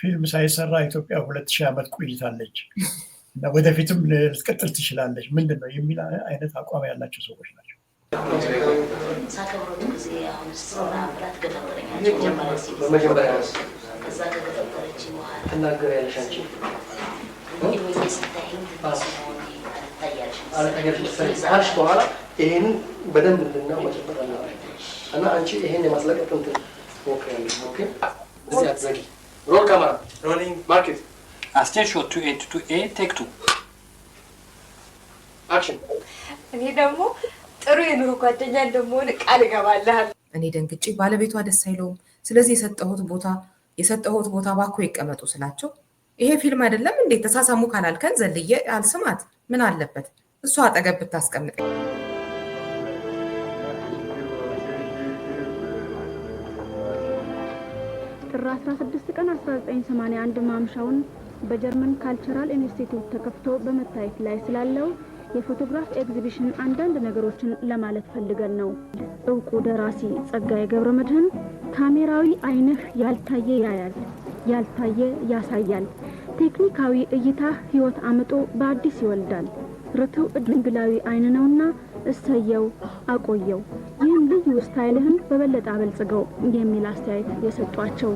ፊልም ሳይሰራ ኢትዮጵያ ሁለት ሺህ ዓመት ቆይታለች እና ወደፊትም ልትቀጥል ትችላለች ምንድን ነው የሚል አይነት አቋም ያላቸው ሰዎች ናቸው። በኋላ ይህን በደንብ እና አንቺ ይህን የማስለቀቅ እንትን ሞክሪያለሽ Roll camera. Rolling. Mark it. አስቴር ah, two ኤ ቱ ኤ ቴክ ቱ አክሽን። እኔ ደግሞ ጥሩ የኑሮ ጓደኛ እንደመሆን ቃል እገባልሃል። እኔ ደንግጬ ባለቤቷ ደስ አይለውም፣ ስለዚህ የሰጠሁት ቦታ የሰጠሁት ቦታ ባኮ ይቀመጡ ስላቸው ይሄ ፊልም አይደለም እንዴት ተሳሳሙ ካላልከን ዘልዬ አልስማት ምን አለበት እሷ አጠገብ ብታስቀምጠኝ ጥር 16 ቀን 1981 ማምሻውን በጀርመን ካልቸራል ኢንስቲትዩት ተከፍቶ በመታየት ላይ ስላለው የፎቶግራፍ ኤግዚቢሽን አንዳንድ ነገሮችን ለማለት ፈልገን ነው። እውቁ ደራሲ ጸጋዬ ገብረ መድህን ካሜራዊ ዓይንህ ያልታየ ያያል፣ ያልታየ ያሳያል፣ ቴክኒካዊ እይታ ሕይወት አምጦ በአዲስ ይወልዳል፣ ርቱዕ ድንግላዊ ዓይን ነውና እሰየው አቆየው በዚሁ ስታይልህን በበለጠ አበልጽገው የሚል አስተያየት የሰጧቸው